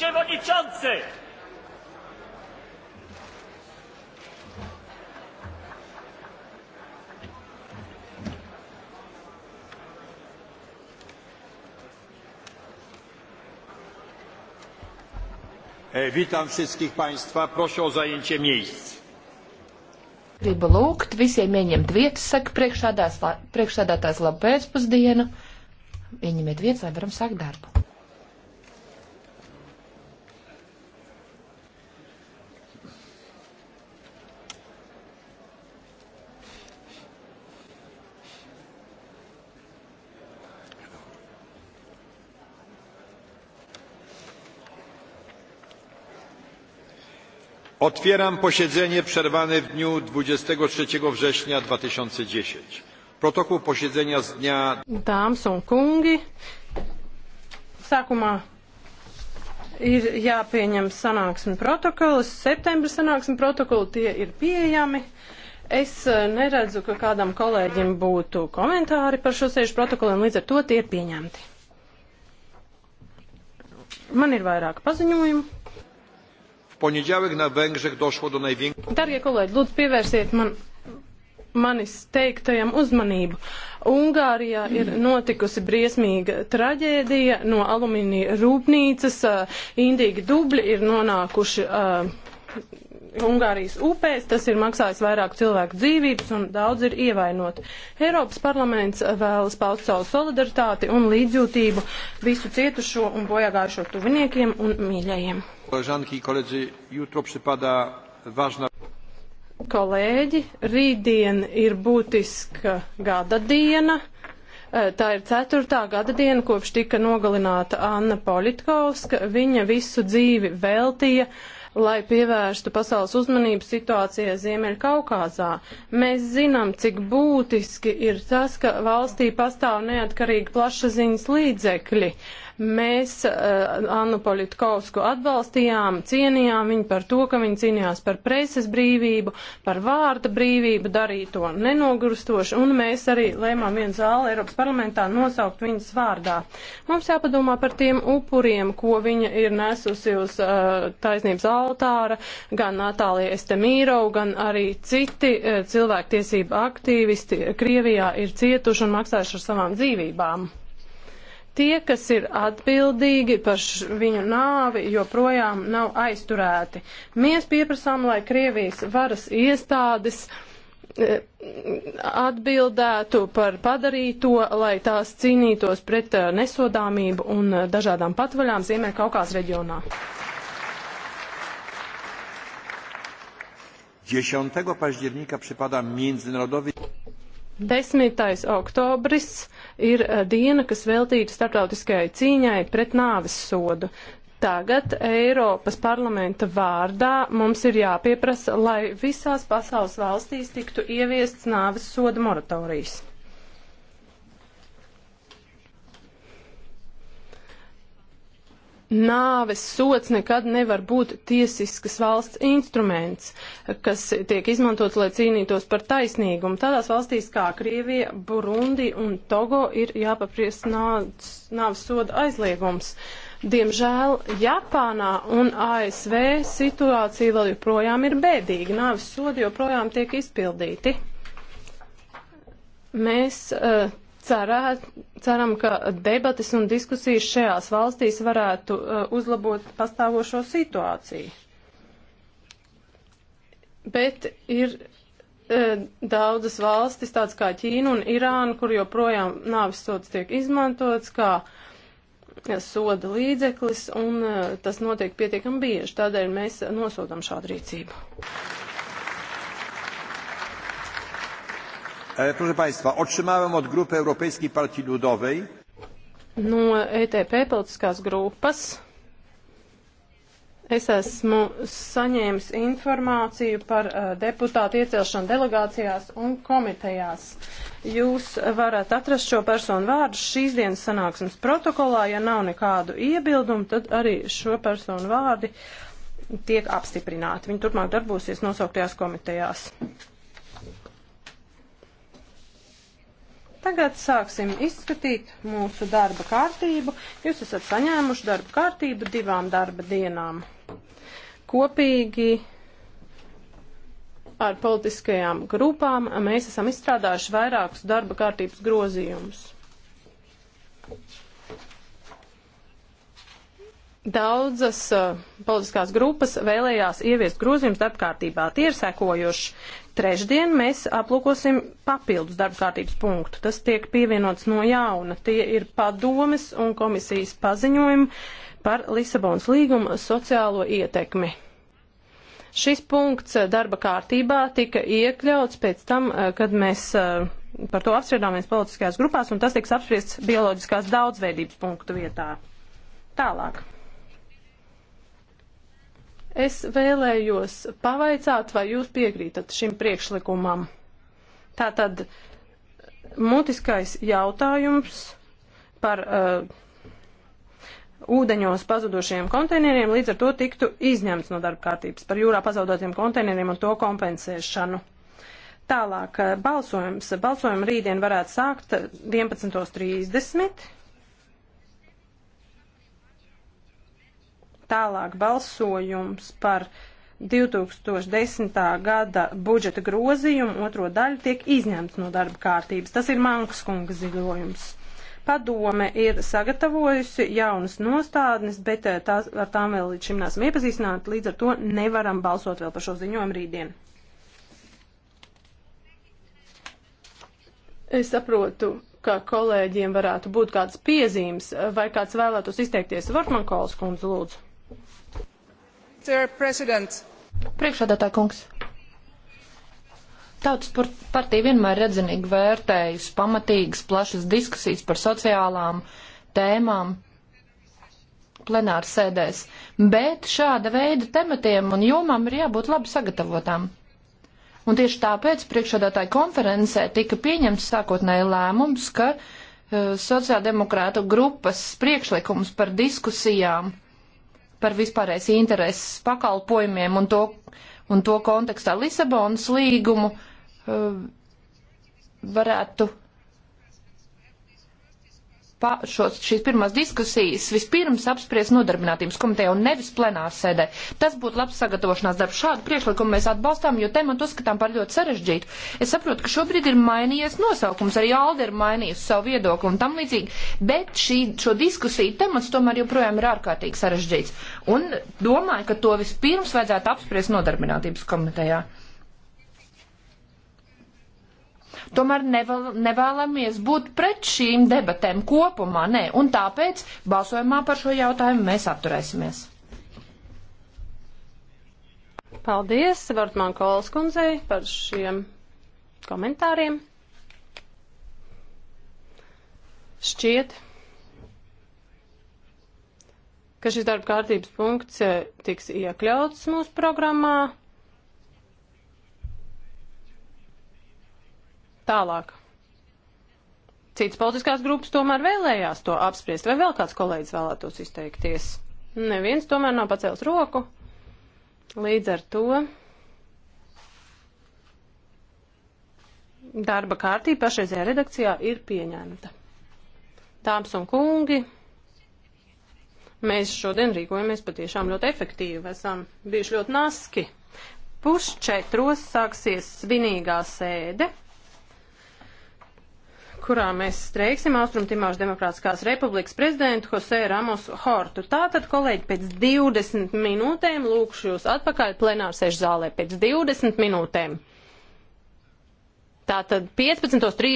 przewodniczący! E, witam wszystkich Państwa. Proszę o zajęcie miejsc. Gribu lūgt visiem ieņemt vietas, saka priekšādātājs labu pēcpusdienu. Ieņemiet vietas, lai varam sākt darbu. otwieram posiedzenie przerwane w dniu dwadzieścia trzy września dwa tysiące dziesięć protokół posiedzenia z dnia Dāmas un kungi, sākumā ir jāpieņem sanāksmi protokols, septembra sanāksmi protokoli, tie ir pieejami. Es e, neredzu, ka kādam kolēģim būtu komentāri par šo sēžu protokoliem, līdz ar to tie ir pieņemti. Man ir vairāk paziņojumu poniedziałek na Węgrzech došlo do największego. Darbie kolēģi, lūdzu, pievērsiet man manis teiktajam uzmanību. Ungārijā ir notikusi briesmīga traģēdija no alumīnija rūpnīcas, indīgi dubļi ir nonākuši uh, Ungārijas upēs, tas ir maksājis vairāk cilvēku dzīvības un daudz ir ievainoti. Eiropas parlaments vēlas paust savu solidaritāti un līdzjūtību visu cietušo un bojāgājušo tuviniekiem un mīļajiem. Koležanki, koledzi, jutro pripada važna. Kolēģi, rītdien ir būtiska gada diena. E, tā ir ceturtā gada diena, kopš tika nogalināta Anna Politkovska. Viņa visu dzīvi veltīja uh, lai pievērstu pasaules uzmanību situācijai Ziemeļkaukāzā. Mēs zinām, cik būtiski ir tas, ka valstī pastāv neatkarīgi plašsaziņas līdzekļi. Uh, Mēs uh, Annu Politkovsku atbalstījām, cienījām viņu par to, ka viņa cīnījās par preses brīvību, par vārda brīvību, darīja to nenogurstoši, un mēs arī lēmām vienu zāli Eiropas parlamentā nosaukt viņas vārdā. Mums jāpadomā par tiem upuriem, ko viņa ir nesusi uz uh, taisnības altāra, gan Natālija Estemīro, gan arī citi uh, cilvēktiesību aktīvisti Krievijā ir cietuši un maksājuši ar savām dzīvībām. Tie, kas ir atbildīgi par viņu nāvi, joprojām nav aizturēti. Mēs pieprasām, lai Krievijas varas iestādes e, atbildētu par padarīto, lai tās cīnītos pret e, nesodāmību un e, dažādām patvaļām Ziemē Kaukās reģionā. 10 października przypada międzynarodowy 10. oktobris ir eh, diena, kas veltīta starptautiskajai cīņai pret nāves sodu. Tagad Eiropas parlamenta vārdā mums ir jāpieprasa, lai visās pasaules valstīs tiktu ieviests nāves soda moratorijas. Nāves sots nekad nevar būt tiesiskas valsts instruments, kas tiek izmantots, lai cīnītos par taisnīgumu. Tādās valstīs kā Krievija, Burundi un Togo ir jāpapriest nāves soda aizliegums. Diemžēl Japānā un ASV situācija vēl joprojām ir bēdīga. Nāves sodi joprojām tiek izpildīti. Mēs uh, cerē, ceram, ka debates un diskusijas šajās valstīs varētu uh, uzlabot pastāvošo situāciju. Bet ir uh, daudzas valstis, tāds kā Ķīna un Irāna, kur joprojām nāvis sots tiek izmantots kā uh, soda līdzeklis, un uh, tas notiek pietiekami bieži. Tādēļ mēs nosodam šādu rīcību. E, proszę Państwa, otrzymałem od Grupy Europejskiej Partii Ludowej no ETP politiskās grupas es esmu saņēmis informāciju par uh, deputātu iecelšanu delegācijās un komitejās. Jūs varat atrast šo personu vārdus šīs dienas sanāksmes protokolā. Ja nav nekādu iebildumu, tad arī šo personu vārdi tiek apstiprināti. Viņi turpmāk darbosies nosauktajās komitejās. Tagad sāksim izskatīt mūsu darba kārtību. Jūs esat saņēmuši darba kārtību divām darba dienām. Kopīgi ar politiskajām grupām mēs esam izstrādājuši vairākus darba kārtības grozījumus. Daudzas uh, politiskās grupas vēlējās ieviest grozījums darbkārtībā. Tie ir sekojoši. Trešdien mēs aplūkosim papildus darbkārtības punktu. Tas tiek pievienots no jauna. Tie ir padomes un komisijas paziņojumi par Lisabonas līguma sociālo ietekmi. Šis punkts uh, darba kārtībā tika iekļauts pēc tam, uh, kad mēs uh, par to apspriedāmies politiskajās grupās, un tas tiks apspriests bioloģiskās daudzveidības punktu vietā. Tālāk. Es vēlējos pavaicāt, vai jūs piekrītat šim priekšlikumam. Tātad mutiskais jautājums par uh, ūdeņos pazudušajiem konteineriem līdz ar to tiktu izņemts no darba kārtības par jūrā pazudotiem konteineriem un to kompensēšanu. Tālāk uh, balsojums. Balsojumu rītdien varētu sākt 11.30. Uh, Tālāk balsojums par 2010. gada budžeta grozījumu otro daļu tiek izņemts no darba kārtības. Tas ir Mankas kunga ziņojums. Padome ir sagatavojusi jaunas nostādnes, bet eh, tās, ar tām vēl līdz šim neesam iepazīstināti, līdz ar to nevaram balsot vēl par šo ziņojumu rītdien. Es saprotu, ka kolēģiem varētu būt kādas piezīmes, vai kāds vēlētos izteikties. Vartmankols kundze, lūdzu. Priekšādātā kungs. Tautas partija vienmēr redzinīgi vērtējusi pamatīgas, plašas diskusijas par sociālām tēmām plenāras sēdēs, bet šāda veida tematiem un jomām ir jābūt labi sagatavotām. Un tieši tāpēc priekšādātāja konferencē tika pieņemts sākotnēji lēmums, ka uh, sociāldemokrātu grupas priekšlikums par diskusijām uh, par vispārējais intereses pakalpojumiem un to, un to kontekstā Lisabonas līgumu eh, varētu pa, šos, šīs pirmās diskusijas vispirms apspriest nodarbinātības komiteja un nevis plenāra sēdē. Tas būtu labs sagatavošanās darbs. Šādu priekšlikumu mēs atbalstām, jo tematu uzskatām par ļoti sarežģītu. Es saprotu, ka šobrīd ir mainījies nosaukums, arī Alde ir mainījusi savu viedokli un tam līdzīgi, bet šī, šo diskusiju temats tomēr joprojām ir ārkārtīgi sarežģīts. Un domāju, ka to vispirms vajadzētu apspriest nodarbinātības komitejā. Tomēr nevēlamies būt pret šīm debatēm kopumā, nē, un tāpēc balsojumā par šo jautājumu mēs atturēsimies. Paldies Vartman Kolas kundzei par šiem komentāriem. Šķiet, ka šis darba kārtības punkts eh, tiks iekļauts mūsu programmā. Tālāk. Cits politiskās grupas tomēr vēlējās to apspriest, vai vēl kāds kolēģis vēlētos izteikties. Neviens tomēr nav pacēlis roku. Līdz ar to darba kārtība pašreizajā redakcijā ir pieņemta. Dāmas un kungi, mēs šodien rīkojamies patiešām ļoti efektīvi, esam bijuši ļoti naski. Pusčetros sāksies svinīgā sēde kurā mēs streiksim Austrumtimāšu Demokrātiskās republikas prezidentu Jose Ramos Hortu. Tātad, kolēģi, pēc 20 minūtēm lūkšu jūs atpakaļ plenārsēžu zālē. Pēc 20 minūtēm. Tātad 15.30.